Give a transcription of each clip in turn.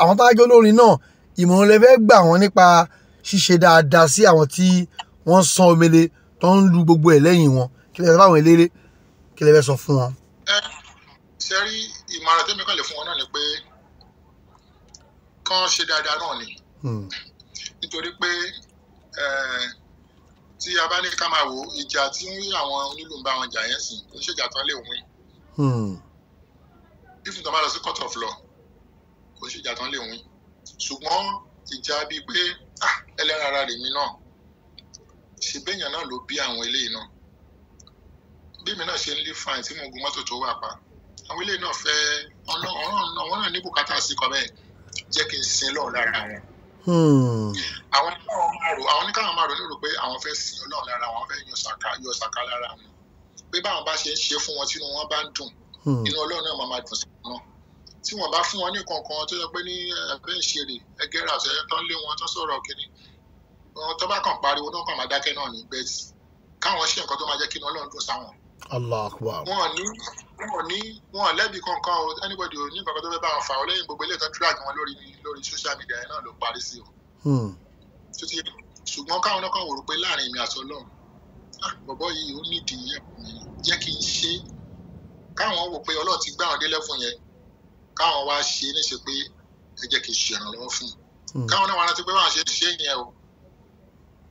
àwọn tájọ́ olórin náà ìmọ̀ràn lè fẹ́ gbà wọ́n nípa ṣíṣe dáadáa sí àwọn tí wọ́n san omele tó ń lu gbogbo ẹ̀ lẹ́yìn wọn kí lè fẹ́ fáwọn eléré kí lè fẹ́ sọ fún wọn. ẹ ṣe rí ìmọ̀ràn tẹ́mi kan lè fún wọn náà ni pé kán ṣe dáadáa náà ni hmm. nítorí pé tí a bá ní ká máa wò ìjà tí àwọn onílù ń bá wọn jà yẹn sìn kò ń ṣèjà tán lè win. Hmm. if bá lọ sí court of law kò ṣe ìjà tán lè win ṣùgbọ́n ìjà bíi pé ẹlẹ́ran ara rèmi náà ṣe béèyàn náà ló bí àwọn eléyìí náà bí mi náà ṣe ń lé fine tí mo gun mọ́tò tó wà pa àwọn eléyìí náà fẹ́ ọ̀rọ̀ náà ní bùkátà sí kọ́ bẹ́ẹ̀ jẹ́ kí n sin lọ́ọ̀ lára wọn hmm. àwọn ní káwọn máa rò àwọn ní káwọn máa rò ní rò pé àwọn fẹ́ sin ọlọ́run lára wọn fẹ́ yọ ṣàká lára wọn pé báwọn bá ṣe ń ṣe fún wọn tí inú wọn bá ń dùn hmm. inú ọlọ́run náà máa máa dùn sí wọn náà tí wọ́n bá fún wọn ní nǹkan tó yẹ pé ní ẹgbẹ́ ìṣeré ẹgẹ́rẹ́ àṣẹ tó ń lé wọn tó sọ̀rọ̀ kínní wọn tó bá kàn pariwo náà kàn máa dákẹ́ náà ní bẹ́ẹ̀ káwọn ṣe nǹkan tó máa jẹ́ kí iná ọlọ́run dùn sáwọn. wọn ní wọn ní wọn lẹ́bi kankan o anybody ò ní nǹkan tó fẹ́ bá wọn fà ó lẹ́yìn gbogbo ilé ìtọ́jú drag wọn lórí lórí social media yẹn náà ló parí sí o. Hmm. ṣùgbọ́n káwọn náà kàn wò ó pé láàrin èmi àti ọlọ́run ah, bọ̀bọ̀ yìí ó nídìí yẹn jẹ́ kí n ṣe káwọn wò pé ọlọ́run ti gbá àwọn dé lẹ́fún yẹn káwọn wá ṣe níṣe pé ẹ jẹ́ kí n ṣe ìrànlọ́wọ́ fún un hmm. káwọn náà wá rántí pé báwọn ṣe ṣe yẹn o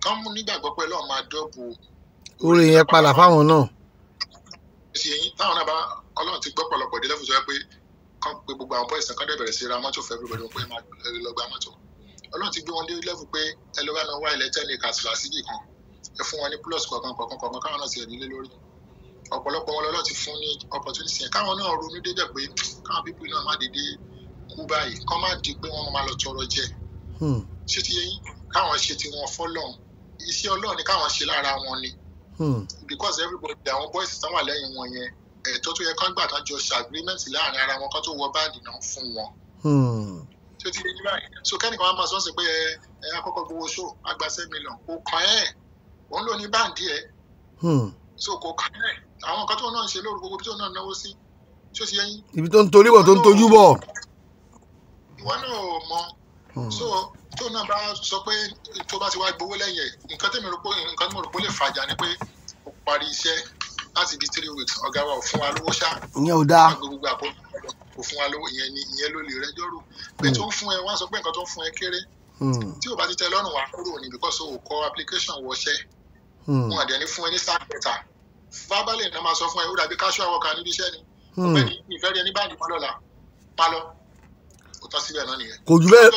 kán mú nígbàgbọ́ pé Ọlọ́run máa dọ́bù orí yẹn padà fáwọn náà. táwọn náà bá Ọlọ́run ti gbọ́ pọ̀lọpọ̀ dé lẹ́fù pé kán pe gbogbo àwọn bọ́ìsì kan dẹ̀ sí ra mọ́tò fẹ́ everybody pé ẹ lọ mọ́tò Ọlọ́run ti gbé wọn dé lẹ́fù ọ̀pọ̀lọpọ̀ wọn lọ́lọ́ ti fún ní opportunity yẹn káwọn náà ronú débẹ̀ pé káwọn pípé náà má dédé kú báyìí kọ́ má di pé wọ́n máa lọ tọrọ jẹ hmm. ṣé ti yẹn káwọn ṣe ti wọn fọ́lọ́run iṣẹ́ Ọlọ́run ni káwọn ṣe lára wọn ni hmm. because everybody àwọn boys tán wà lẹ́yìn wọn yẹn ẹ̀tọ́ tó yẹ kán gbà tán jọ ṣe agreement láàrin ara wọn kán tó wọ báàdì náà fún wọn tó hmm. ti yẹn báyìí so kẹ́nìkan máa sọ́ọ́ sí pé ẹ akọ́kọ́ gbowó ṣó agbáṣẹ́ mílíọ̀n kò kàn ẹ́ òun ló ní báǹdì ẹ̀ so kò kàn ẹ́ àwọn nǹkan tó náà ń ṣe lóru gbogbo tó náà náwó sí tí ó ti yẹn. ibi tó ń torí bọ̀ tó ń tojú bọ̀. ìwọ náà ò mọ hmm. so tó náà bá sọ pé tó bá ti wá gbowó lẹ́yìn ẹ̀ nǹkan tẹ̀mí rò pé nǹkan tẹ̀mí rò pé lè fàjà ni pé ó parí iṣẹ́ láti di three weeks ọ̀gá wa ò fún wa lówó ṣá. ìyẹn ò dáa. gbogbo àpò kò fún wa lówó ìyẹn ni ìyẹn ló lè rẹjọ́ rò pé tó ń fún ẹ wọ́n sọ pé nǹkan tó ń fún ẹ kéré hmm. tí o bá ti tẹ́ lọ́rùn wá kúrò ní because o kọ application wọṣẹ́ hmm. wọn àdẹ ní fún ẹ ní sáà kẹta fábálẹ̀ náà máa sọ fún ẹ ó dàbí casual worker níbi iṣẹ́ ni ọ̀pẹ ní ìfẹ́ rẹ ní báyìí mọ́ lọ́la pa lọ kò tán síbẹ̀ náà nìyẹn. kò jù bẹ́ẹ̀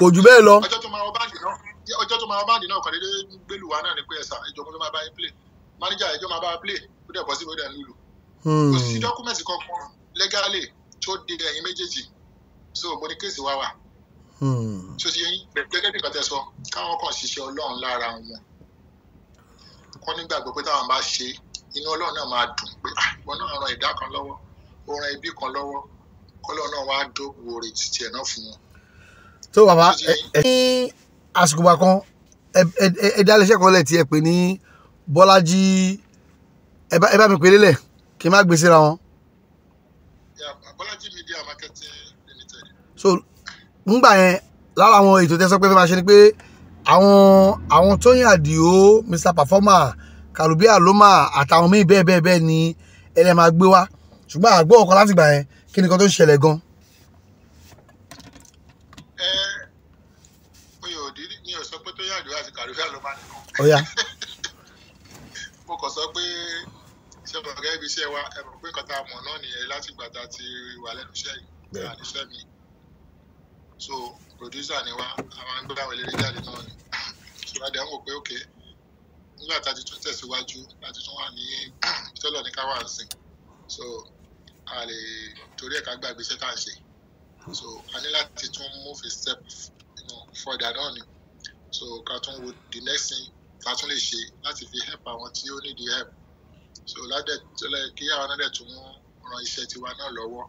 kò jù bẹ́ẹ̀ lọ. ọjọ́ tó máa wọ báńdì náà ọjọ́ tó máa wọ báńdì náà kàn déédéé gbélùwà náà ni pé ẹ̀sà ìjọ mo tó máa bá yín play manager ìjọ máa bá wa play ó dẹ̀ bọ́ síbi ó dẹ̀ ń lùlù. Hmm. kò sí dọ́kúmẹ̀ntì kankan lẹ́gàlè tó de ẹ̀yin méjèèjì so mo ní kéèsì wá wà. tó hmm. ti yẹn gẹ́gẹ́ bí kàtẹ́ sọ káwọn kàn ṣiṣẹ́ ọlọ́run lára wọn kọ́ nígbàgbọ́ pé táwọn bá ṣe inú ọlọ́run náà máa dùn pé ah, ìwọ náà ran ìdá kan lọ́wọ́ ó ran ibi kan lọ́wọ́ kọ́lọ́ náà wá dó wòrè títí ẹ̀ náà fún wọn. tó bàbá ẹ ẹ ní àsìkò bá kan ẹ dá iléeṣẹ́ kan lẹ̀ tí ẹ pè ní Bọ́lájí ẹ bá mi pè lélẹ̀ kí n má gbèsè ra wọn. Bọ́lájí Media Marketing Limited. so ngbà yẹn lára àwọn ètò tẹ sọ pé fẹ́ máa ṣe ni pé àwọn àwọn tóyìn àdìo mr performer kàlùbí àlómà àtàwọn míì bẹ́ẹ̀ bẹ́ẹ̀ bẹ́ẹ̀ ni ẹlẹ́ máa gbé wá ṣùgbọ́n àgbọ̀ ọ̀kan láti gbà yẹn kí ni kan tó ń ṣẹlẹ̀ gan. ẹ oyè òdì ni ò sọ pé tóyìn àdìo àti kàlùbí àlómà nìkan. ọ̀ya. mo kàn sọ pé iṣẹ́ bàgá ibi iṣẹ́ wa ẹ̀rọ pé kọ́tà mọ̀ náà nìyẹn láti gbàdá ti wà lẹ́nu iṣẹ́ yìí so producer ni wá àwọn agbára àwọn eléré jáde náà ni ìwádìí àwọn òpè òkè nígbà tá a ti tún tẹ̀síwájú láti tún wà ní tọ́lọ̀ ní káwá ǹsìn so a lè torí ẹ̀ka gbàgbé iṣẹ́ tá à ń ṣe so a ní láti tún move a step you know, further náà ni so ká tún wo the next thing ká tún lè ṣe láti fi help àwọn tí ó need help so ládẹ̀ tẹ́lẹ̀ kí àwọn náà dẹ̀ tún ràn iṣẹ́ tiwa náà lọ́wọ́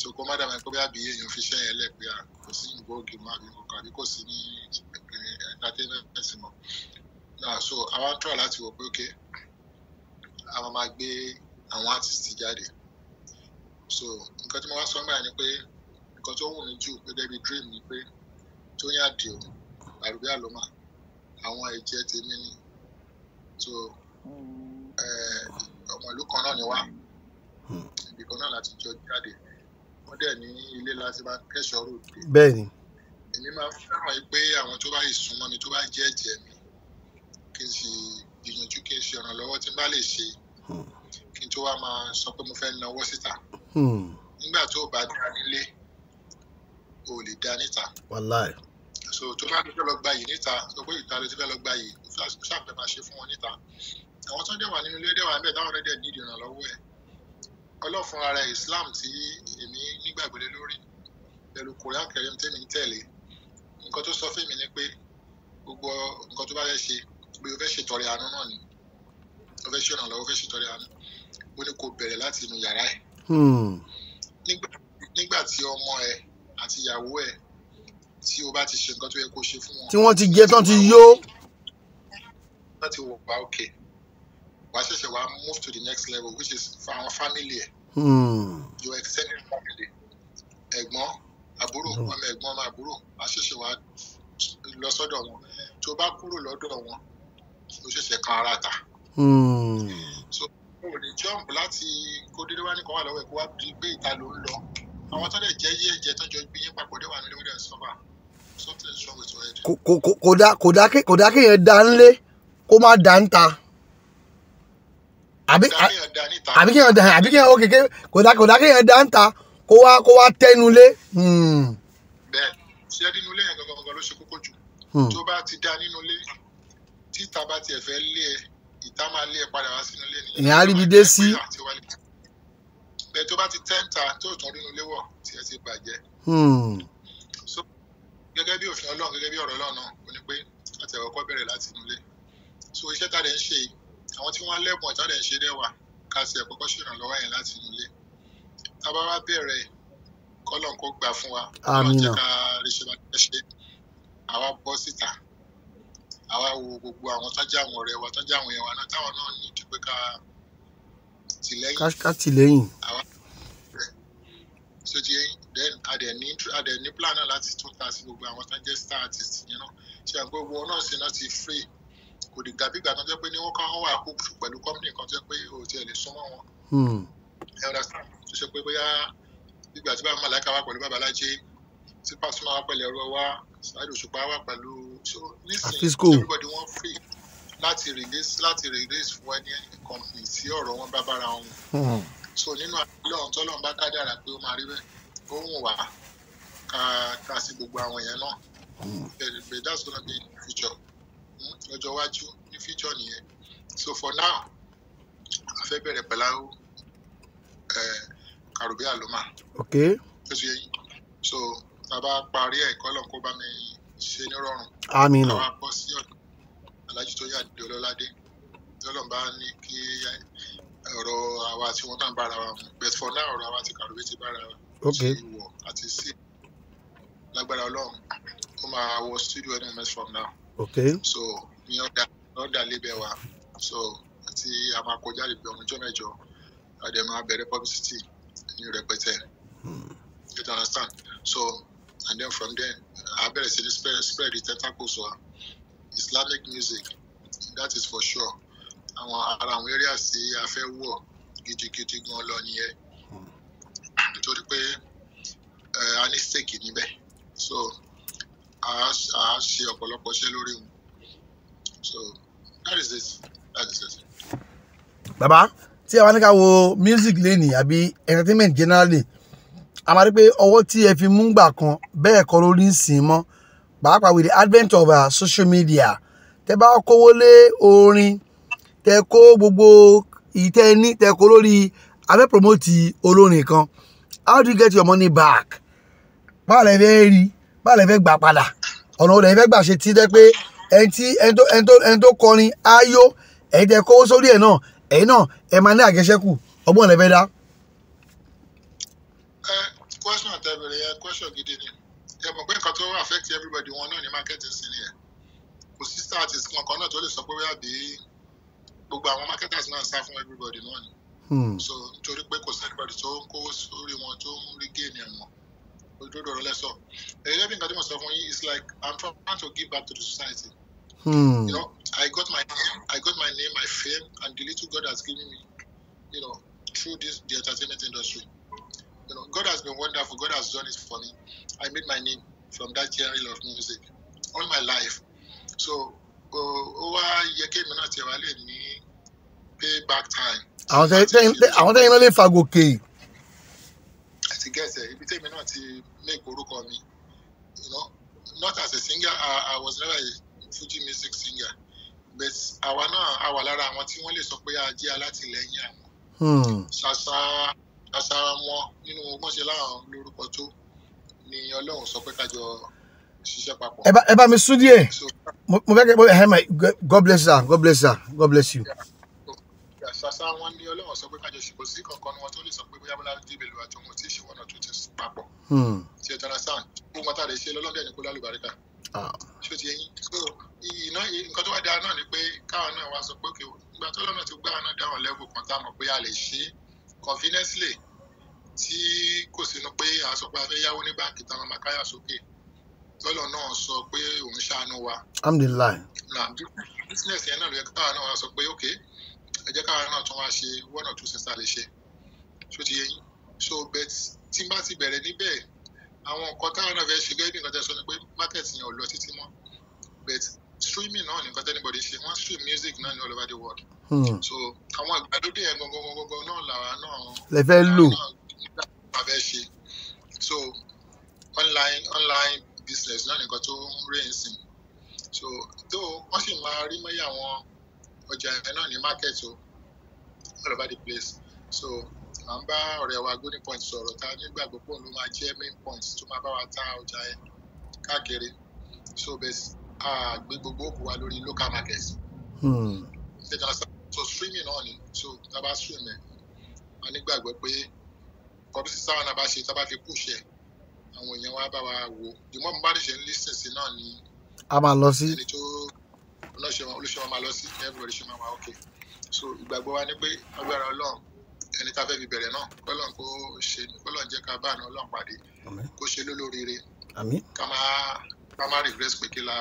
so kó má dàbẹ̀ kó bí àbí èèyàn fi ṣẹ́ yẹn lẹ́pẹ́ à ah, kò sí ìbò ògì mọ́ àbí kò kàbí kò sí ní entertainment mọ́ ah, so àwọn tura láti wò pé ok àwọn máa gbé àwọn artist jáde so nǹkan tí mo wá sọ nígbà ni pé nǹkan tó wù mí jù pé débi dream ni pé Tóyìn Àdìó àrùbí àlọ́mà àwọn ẹ̀jẹ̀ tèmi ni so hmm. eh, ọmọ ìlú kan náà ni wá hmm. ibì kan náà láti jọ jáde wọ́n dẹ̀ ní ilé láti bá kẹ́sọ̀ road. bẹ́ẹ̀ni. èmi máa ń fẹ́ràn pé àwọn tó bá ìsúnmọ́ mi tó bá jẹ́ ẹ̀jẹ̀ mi kí n sì gbìyànjú kí n ṣe ìrànlọ́wọ́ tí n bá lè ṣe hmm. kí n tó wá máa sọ pé mo fẹ́ náwó síta. Hmm. nígbà tó o bá dá nílé o lè dá níta. wàláì. so tó bá ti fẹ́ lọ gba yìí níta sọ pé ìta ló ti fẹ́ lọ gba yìí ṣàfihàn máa ṣe fún wọn níta àwọn tó dẹ̀ wà nínú ilé dẹ̀ níbẹ̀ táwọn ọ̀rẹ́ nídìí ìrànlọ́wọ́ ẹ̀ ọlọ́fun ara Islam tí èmi nígbàgbọ́lé lórí pẹ̀lú Quran Karim tèmi tẹ̀lé nǹkan tó sọ fún mi ni pé gbogbo nǹkan tó bá fẹ́ ṣe bí o fẹ́ ṣètọrẹ àánú náà ni o fẹ́ ṣe ìrànlọ́wọ́ o fẹ́ ṣètọrẹ àánú o ní kó bẹ̀rẹ̀ láti inú yàrá ẹ̀. Hmm. nígbà tí ọmọ ẹ àti ìyàwó ẹ tí o bá ti ṣe nǹkan tó yẹ kó ṣe fún wọn. tí wọ́n ti jẹ tán ti yó. láti wọ̀ pa òkè. Okay wàá ṣẹ̀ṣẹ̀ move to the next level which is for àwọn family ẹ̀. Hmm. your extended family ẹ̀gbọ́n àbúrò hmm. ọmọ ẹ̀gbọ́n ọmọ àbúrò wàá ṣẹ̀ṣẹ̀ lọ sọ́dọ̀ wọn tí o bá kúrò lọ́dọ̀ wọn o ṣẹ̀ṣẹ̀ kan ara ta. Hmm. so o lè jump láti kó dédé wá ní kan wà lọ́wọ́ ẹ̀ kó wá di pé ìta ló ń lọ àwọn tó lè jẹ́ yé ẹ̀jẹ̀ tó jọ gbé yín papọ̀ dé wà nílé wọ́n sọ́fà something is wrong with your head. kò dá kéèyàn dá ńlé kó má dá ń ta àbí àbí kéèyàn da àbí kéèyàn ó kéèké kò dá kò dá kéèyàn da ń ta kó wá kó wá tẹnulé. Hmm. bẹ́ẹ̀ ṣé nínúlé yẹn gangan gangan ló ṣe kókó jù hmm. tó bá ti da nínúlé títa bá tiẹ̀ fẹ́ lé ẹ e, ìta máa lé ẹ e padà wá sínú ilé nìyẹn. ìyá ríbi dé sí. bẹ́ẹ̀ tó bá ti tẹ́ǹta tó tún nínúlé wọ̀ tiẹ̀ ti bàjẹ́. Hmm. so gẹ́gẹ́ bí òfin ọlọ́run gẹ́gẹ́ bí ọ̀rọ̀ ọlọ́run náà ó ní pé àtẹ̀wọ́kọ́ bẹ̀rẹ̀ láti inú ilé so iṣẹ́ tá a lè ń ṣe yìí àwọn tí wọ́n lẹ́bùn ọ̀tá rẹ̀ ṣe rẹwà ká sì ẹ̀kọ́kọ́ ṣèrànlọ́wọ́ yẹn láti ilé tá a bá wá bẹ̀rẹ̀ kọ́lọ̀ kó gbà fún wa wọ́n jẹ́ ká rí ṣe bá tẹ́ ṣe àwa bọ́ síta àwa wo gbogbo àwọn tájà àwọn ọ̀rẹ́ wa tájà àwọn yẹn wa náà táwọn náà ní ìdí pé ká tìlẹ́yìn ká tìlẹ́yìn àwa sójú yẹn then adẹni adẹni plan náà láti tún ta sí gbogbo àwọn tájẹ́ star artist yẹn náà ṣe àgbẹ̀ wọn náà sì náà ti free kò lè dàbí ìgbà tó jẹ́ pé ní wọ́n kàn wà kó pẹ̀lú company kan jẹ́ pé o tiẹ̀ lè súnmọ́ wọn. ẹ hmm. understand tó ṣe pé bóyá ìgbà tí bàbá màláìka wà pẹ̀lú babalájé tí Pasuma wà pẹ̀lú ẹ̀rọ wa Saheed Òṣùpá wà pẹ̀lú so nísìnyí everybody wọ́n free láti release láti release fún ẹni company sí ọ̀rọ̀ wọn bá bára wọn. Hmm. so nínú àlọ́ ọ̀hún tọ́lọ́run bá kádàrà pé ó máa rí bẹ́ẹ̀ ó ń wà ká ká sí gbogbo lọ́jọ́ iwájú ní future nìyẹn so for now a fẹ́ bẹ̀rẹ̀ pẹ̀láwó kàròbí àlùmá. ok. ó ti so tá a bá parí ẹ̀ kọ́ lọ́n kó bá mi ṣe ní rọrùn. àmín náà. àwa bọ́ sí ọ̀dọ̀ alájú tó yà dé ọlọ́ládé lọ́lọ́n bá ní kí ọ̀rọ̀ àwa àti wọn náà bára wa mu but for now ọ̀rọ̀ àwa àti kàròbí ti bára wa. ok ti wọ̀ àti sí lágbára ọlọ́run ó máa wọ studio nms from now. ok so ni wọ́n dà lébẹ̀ wa so àti a lè bí ọmọ ọjọ́ mẹ́jọ a dẹ̀ máa ní rẹpẹtẹ hmm. you understand so and then from then a bẹ̀rẹ̀ sí ní spread the tentacles wa Islamic music that is for sure àwọn ara àwọn areas tí a fẹ́ wọ̀ gidigidi gan lọ nìyẹn hmm. nítorí pé eh, a ní stake níbẹ̀ so a ṣe ọ̀pọ̀lọpọ̀ ṣe lórí wọn so that is it that is it. bàbá tí a bá ní ká wo music lẹ́nì àbí entertainment generally a máa rí pé ọwọ́ tí ẹ fi mú gbà kan bẹ́ẹ̀ kọ́ lórí ń sìn mọ́ pàápàá with the advent of uh, social media tẹ bá kówó lé orin tẹ kó gbogbo ìtẹ́ ní tẹ kó lórí abẹ́ promote olórin kan how do you get your money back báwo lẹ fẹ́ rí báwo lẹ fẹ́ gbà padà ọ̀nà wo lẹ fẹ́ gbà ṣe tí dẹ́ pé ẹni tí ẹni tó ẹni tó ẹni tó kọrin ayó sórí ẹ̀ náà ẹ̀yin náà ẹ máa ní àgẹ́sẹ́kù ọgbọ́n lẹ́fẹ́ dá. ẹ question àtẹ̀bẹ̀rẹ̀ yẹn question gidi ni ẹ mọ̀ pé nǹkan tó affect everybody wọn náà ní market sí ni ẹ̀ kò sí start is kankan náà tó lè sọ pé wíwá bí gbogbo àwọn marketers náà sá fún everybody náà ni. Hmm. so nítorí pé kò sí everybody tó ń kówó sórí wọn tó ń rí gain ẹ̀ wọn ojú ọ̀rọ̀ lẹ́sọ̀ ẹ̀yẹ́ bí nǹkan tí mo sọ fún yín is like I'm trying to give back to the society. Hmm. You know, I got my name, I got my name, my fame, and the little God has given me, you know, through this the entertainment industry. You know, God has been wonderful. God has done it for me. I made my name from that genre of music all my life. So, ó wá yẹ kí èmi náà ti wá pay back time. àwọn tẹ́yìn náà lè fa gòkè. àti gẹ̀ẹ́sẹ̀ eh, ibi tẹ́yìn náà ti make orúkọ mi. You know, not as a singer, I, I was never a fuji music singer but àwa náà a wà lára àwọn tí wọ́n lè sọ pé a jẹ́ alátìlẹ́yìn àwọn hmm. ṣàṣà àṣà wọn nínú mọ́ṣẹ́ láwọn lórúkọ tó ni ọlọ́run sọ pé kájọ ṣiṣẹ́ papọ̀. ẹ bá ẹ bá mi sún díẹ̀ mo fẹ́ kẹ́ mo ẹ̀ my God bless you, God bless you, God bless you. ṣàṣà wọn ni ọlọ́run sọ pé kájọ ṣùgbọ́n sí kankan wọn tó lè sọ pé bóyá bọ́lá débèlú àti ohun tí ìṣèwọ́n náà tó ti papọ̀. Hmm. ṣe tẹ̀lé sáà gbogbo wọn ṣe lọ́lọ́dẹ̀ ní kó lálùbáríkà ṣó ah. ti yẹn so iná nǹkan tó wá dáa náà ni pé káwọn náà wá sọ pé kò ìgbà tó lọ́nà tó gbá náà dáhùn lẹ́gùn kan tá a mọ̀ pé a lè ṣe confidently tí kò sínú pé a sọ pé a fẹ́ yáwó ní báńkì táwọn máa káyà sókè tọ́lọ̀ náà sọ pé òun ṣàánú wa. alhamdulilayi. na business yẹn náà ló yẹ káwọn náà wá sọ pé ok ẹ jẹ́ káwọn náà tún wá ṣe one or two sensor lè ṣe ṣó ti yẹ so bet tí n bá ti bẹ̀rẹ̀ níbẹ̀ àwọn nǹkan táwọn náà fẹ́ ṣe gẹ́gẹ́ bí nǹkan tẹ́ sọ ni pé market yẹn ò lọ títí mọ́ but streaming náà nìkan tẹ́ anybody ṣe wọ́n stream music náà ní all over the world. Hmm. so àwọn ìgbàlódé yẹn gangan gangan náà làwa náà. lè fẹ́ lò. nígbà fẹ́ ṣe so online online business náà nìkan tó ń rìn sí so though wọ́n sì máa rí mọ́yà àwọn ọjà yẹn náà ní market o all over the place so à ń bá ọ̀rẹ́ wa Golden Point sọ̀rọ̀ ta nígbàgbọ́ pé òun ló máa jẹ́ main point tó máa bá wa ta ọjà yẹn káàkiri so bẹ́ẹ̀ a gbé gbogbo òkú wa lórí local market. Hmm. so streaming náà ni so tá a bá stream ẹ̀ a nígbàgbọ́ pé kọ́bí sísá wa náà bá ṣe tá a bá fi push ẹ̀ àwọn èèyàn wa bá wa wò the more mo bá lè ṣe ń listen sí náà ni. a máa lọ sí. ẹni tó olóṣèwọ̀n máa lọ sí everybody ṣe máa wà ok so ìgbàgbọ́ wa ni pé agbára Ọlọ́run ẹni tá a fẹ́ fi bẹ̀rẹ̀ náà kọ́lọ́n kó ṣe kọ́lọ́n jẹ́ ká bá àná ọlọ́run pàdé kó ṣe lólóríire ká má ká má regret pé kí la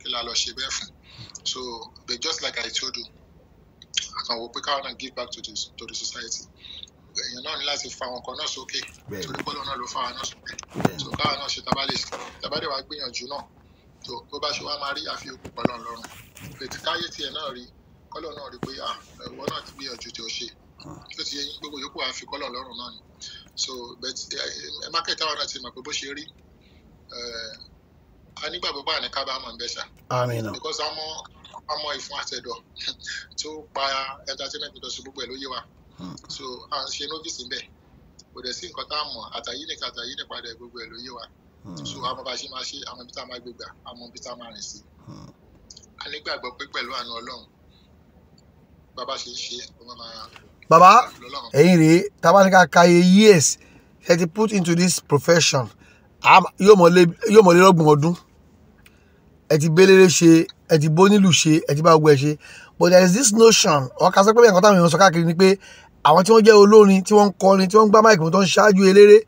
kí la lọ ṣe bẹ́ẹ̀ fún so but just like I told you àkànwò pé káwọn náà give back to the to the society èèyàn náà ní láti fa àwọn kan náà sókè torí pọ́lọ́ náà ló fa àwọn náà sókè so káwọn náà ṣe tabalẹ̀ tabalẹ̀ wàá gbìyànjú náà tó tó bá ṣe wá máa rí àfi okùn pọ̀lọ́ lọ́rùn ètò káyé tiẹ̀ náà rí kọ́lọ́ náà rí pé àwọn ah, náà ti gbìyànjú tí ó ṣe kálukú àfikọ́lọ̀ lọ́rùn náà ni so but ẹ eh, market àwọn náà ti mọ̀ pé bó ṣe rí eh, a nígbàgbọ́ bá ní kábàá mọ̀ nbẹ́sà because a mọ a mọ ìfún àtẹ̀dọ̀ tó pa entertainment industry gbogbo ẹ̀ ló yé wa hmm. so à ń ṣe novice ń bẹ̀ kò dẹ̀ sí nǹkan tá a mọ̀ àtàyè nìkan àtàyè nípa rẹ̀ gbogbo ẹ̀ ló yé wa hmm. so àmọ́ bá ṣe máa ṣe àmọ́ ibi tá a máa gbégbà àmọ́ ibi tá a máa rìn sí hmm. a nígbàgbọ́ pé pẹ̀lú àánú Ọlọ́run bàbá ṣe ń ṣe ọmọ máa baba ẹ̀yin rèé tabanika kaye years ẹ ti put into this profession I'm your mother, your mother, your mother. bélére ṣe ẹ ti bó nílùú ṣe ẹ ti bá gbọ́ ẹ ṣe but there is this notion ọ̀ka sọ pé bí ẹ̀kọ́ táwọn èèyàn sọ káàkiri ni pé àwọn tí wọ́n jẹ́ olórin tí wọ́n ń kọrin tí wọ́n ń gbá máìkì tó ń ṣáájú eléré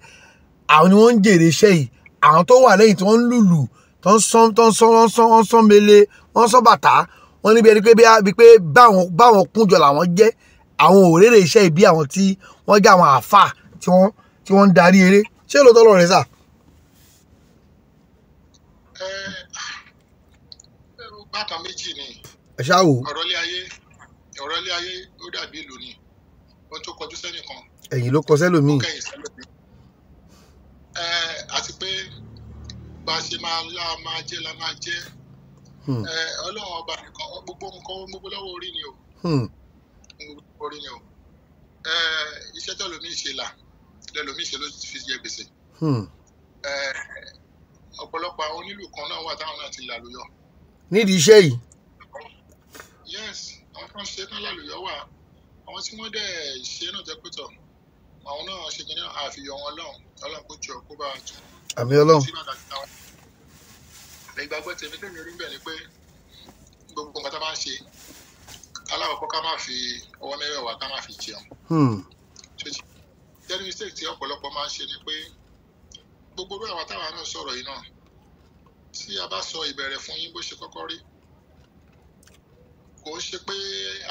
àwọn ni wọ́n ń jèrè iṣẹ́ yìí àwọn tó wà lẹ́yìn tí wọ́n ń lùlù tó ń sán tó ń sán wọ́n sán wọ́n sán mele wọ́n sán bàtà wọ́n níbi ẹni pé àwọn òrèrè iṣẹ́ ibi àwọn tí wọ́n jẹ́ àwọn àfà tí wọ́n tí wọ́n ń darí eré ṣé lóòótọ́ lọ́rọ̀ rẹ sà. bákan méjì ni ọ̀rọ̀ ayé ọ̀rọ̀ ayé ó dàbí ìlú ni ohun tó kọjú sẹ́nìkan. ẹ̀yìn ló kọ sẹ́lòmíì. ẹ àti pé bá a ṣe máa la máa jẹ la máa jẹ hmm. ọlọ́run ọba nìkan gbogbo nǹkan gbogbo lọ́wọ́ orí ni o. Hmm orin ni o iṣẹ́ tó lomi ṣe là lẹ́lòmí ṣe ló fi jẹ gbèsè hmm. ọ̀pọ̀lọpọ̀ àwọn onílù kan náà wà táwọn náà ti lálùyọ. nídìí iṣẹ́ yìí. yes àwọn kan ṣe tán lálùyọ wà àwọn tí wọ́n dẹ̀ ṣe náà jẹ́ pẹ̀tọ̀ àwọn náà ṣe kìnìún àfihàn wọn lọ́hùn ọlọ́run kò jọ kó bá a jù. àmì ọlọ́run. ìgbàgbọ́ tèmi tèmi rí bẹ́ẹ̀ ni pé gbogbo nǹkan tá a bá ń ṣe aláwọ̀kọ́ ká má fi ọwọ́ mẹ́wẹ̀ẹ̀wá ká má fi jẹun. tẹ́lí hmm. mistake tí ọ̀pọ̀lọpọ̀ máa ń ṣe ni pé gbogbo bí àwọn táwa náà sọ̀rọ̀ yìí náà tí a bá sọ ìbẹ̀rẹ̀ fún yín bó ṣe kọ́kọ́ rí kò ṣe pé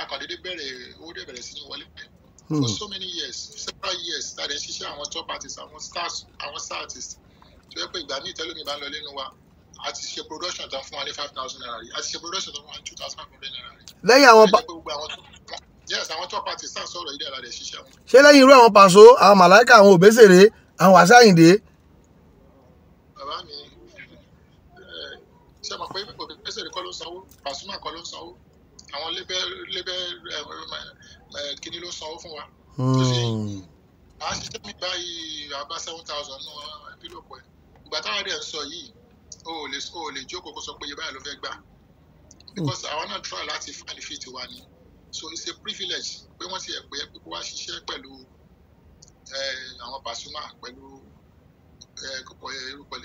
akàdédé bẹ̀rẹ̀ owó dẹ̀ bẹ̀rẹ̀ sí ní wọlé pẹ̀. Hmm. for so many years several years ta dẹ̀ ṣiṣẹ́ àwọn top artists àwọn stars àwọn star artists tó yẹ pé ìgbà míì tẹ́lómi bá ń lọ lẹ́nu wa a ṣe production tán fún wa ní five thousand naira rí ṣe production tán fún wa ní two thousand five hundred naira lẹ́yìn àwọn pa. yes àwọn top party sàn sọ̀rọ̀ ilé ara rẹ̀ ṣiṣẹ́ wọn. ṣé lẹ́yìn irú àwọn pàṣọ àwọn màláìka àwọn òbésèré àwọn wàṣẹ àyìndé. bàbá mi eh, ṣe mọ̀ pé òbésèré kọ́ ló sanwó pàṣùmà kọ́ ló sanwó àwọn lébẹ́ lébẹ́ kíní ló sanwó fún wa. à hmm. ń ṣiṣẹ́ mi báyìí àbá seven thousand nù ẹ pílò pẹ̀ ìgbà táwọn ẹ̀rí ẹ̀ ń sọ yìí o ò lè jókòó kó sọ pé yẹ báyìí ló fẹ́ gbà because àwọn náà try láti benefit wa ni so it's a privilege pé wọ́n ti ẹ̀ pé kó wá ṣiṣẹ́ pẹ̀lú eh, àwọn Pasuma pẹ̀lú eh,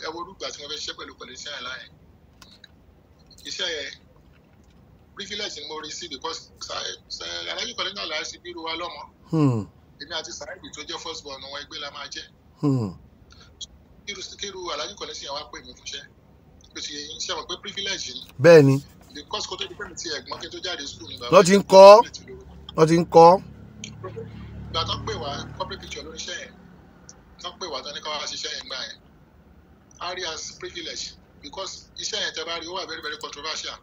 ẹwọ olùgbà tí wọ́n fẹ́ ṣiṣẹ́ pẹ̀lú pẹ̀lú iṣẹ́ ẹ̀la yẹn iṣẹ́ yẹn privilege ni mo rí sí because eh, alájú pẹ̀lú náà láti bí ru wa lọ́mọ hmm. èmi àti sàrẹ́bì tó jẹ́ first born wọn ẹgbẹ́ la máa jẹ́ kíru alájú kọ̀lẹ́sìn yẹn wá pè mí fúnṣẹ́ bí o ti ṣe wọn pé privilege ni. bẹ́ẹ̀ ni because kó tó di pẹ́ẹ́mì tí ẹ̀gbọ́n kí n tó jáde school ni bàbá. wọ́n ti ń kọ́ wọ́n ti ń kọ́. ìgbà tó ń pè wá public picture lórí iṣẹ́ yẹn tó ń pè wá tó ní káwá ṣiṣẹ́ yẹn gbà yẹn a as privilege because iṣẹ́ yẹn tẹ bá rí ó wà very very controversial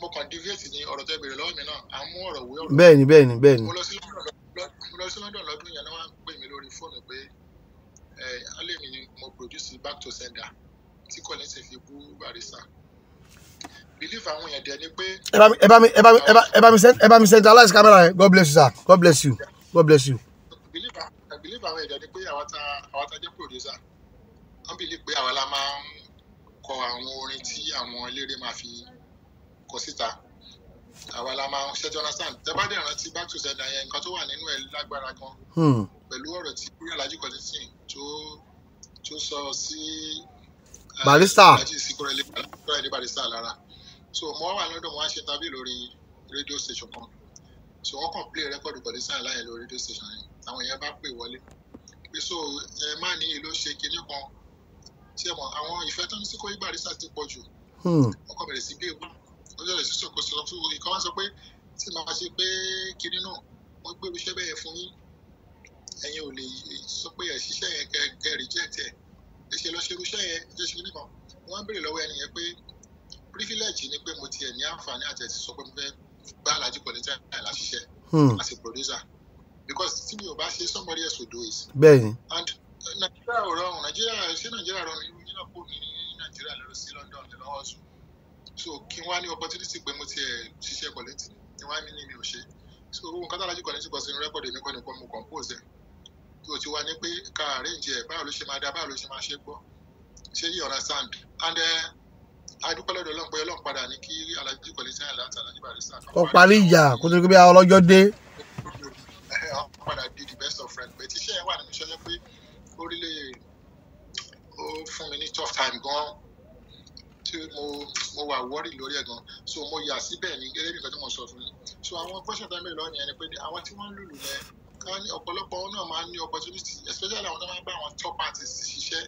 mo kàn deviate ní ọ̀rọ̀ tẹ́ bèrè lọ́wọ́ mi náà à ọ̀rọ̀ wé ọ̀rọ̀. bẹ́ẹ̀ni bẹ́ẹ̀ni bẹ́ẹ̀ni. mo lọ sí London lọ́dún yẹn ni wọ́n pè mí lórí fóònù pé alẹ́ mi ni mo produce back to sender tí kọ́lẹ́sì fi bú barista belief àwọn yẹn dẹ̀ ni pé. ẹ bá mi ẹ bá mi ẹ bá mi ẹ ẹ bá mi centralize camera yẹn God bless you sir God bless you God bless you. belief àwọn yẹn dẹ̀ ni pé àwa ta àwa ta jẹ́ producer wọ́n believe pé àwa la máa ń kọ àwọn orin tí àwọn eléré máa fi kọ síta àwa la máa ń ṣẹ́jọ́ understand tẹ́ bá dẹ̀ rántí back to sender yẹn nǹkan tó wà nínú ẹ̀ lágbára gan hmm. pẹ̀lú ọ̀rọ̀ tí kúrẹ́ alájú kọ́ni tó tó sọ sí barista. Ah, láti sí kúrẹ́lẹ́ barista lára so mo wà lọ́dọ̀ mo wá ṣe tábìlì lórí rédíò station kan so wọ́n kàn play rẹ́kọ̀dù barista láyé lórí rédíò station yẹn àwọn èèyàn bá pè wọlé pé so ẹ má ní ìlú ṣe kinní kan ṣé mo àwọn ìfẹ́ tán sí kó barista ti pọ̀ jù hmm. ọkọ̀ bẹ̀rẹ̀ sí gbé ewu ọjọ́ rẹ̀ sísọ kò sí lọ fún ìkan wá sọ pé tí màá ṣe pé kinní náà wọ́n gbé irúṣẹ́ bẹ́ẹ̀ fún yín ẹ̀yin ò lè sọ pé ẹ̀ ṣiṣẹ́ yẹn kẹ́ reject ẹ̀ ṣe lọ ṣerú iṣẹ́ yẹn ṣe ṣe nìkan wọ́n béèrè lọ́wọ́ ẹni yẹn pé privilege ni pé mo tiẹ̀ ní àǹfààní àti ẹ̀sìn sọ pé mo fẹ́ bá alájú pọ̀ ní táyà láṣiṣẹ́ as a producer because tí mi ò bá ṣe somebody else will do it. bẹ́ẹ̀ni. and nàìjíríà ò rọrùn nàìjíríà ṣé nàìjíríà rọrùn irú yín kò ní nàìjíríà lọ sí London lọ́wọ́ sùn so kí wọ́n á ní opportunity pé mo tiẹ̀ ṣiṣẹ́ pọ̀ létí ni wọ́n á ní ní mi ò ṣe so nǹkan tó alájú pọ̀ létí pọ̀ sínú rẹ́kọ̀dì mi kọ́ mo compose ẹ̀ tó ti wá ní pé ká àrèǹjẹ báwo ló ṣe máa dá báwo ló ṣe máa ṣe gbọ́ ṣé yìí understand and eh, adúpẹ́ lọ́dọ̀ ọlọ́pẹ́ ọlọ́run padà ní kí alájú kọ́lé sáyà láti alájú Barrister. kò parí ìjà kó tó gbé ọlọ́jọ́ dé. Eh, ọkọ padà di the best of friends bẹ́ẹ̀ tí iṣẹ́ yẹn wà nínú iṣẹ́ pé orílẹ̀ ó fún mi ní tough time gan tí mo mo wà worry lórí ẹ̀ gan so mo yà síbẹ̀ ní gẹ́gẹ́ bí tí mo sọ fún yín so àwọn question time lọ́ọ̀ni kan ní ọ̀pọ̀lọpọ̀ náà máa ń ní opportunity especially àwọn tó máa ń bá àwọn top parties ṣiṣẹ́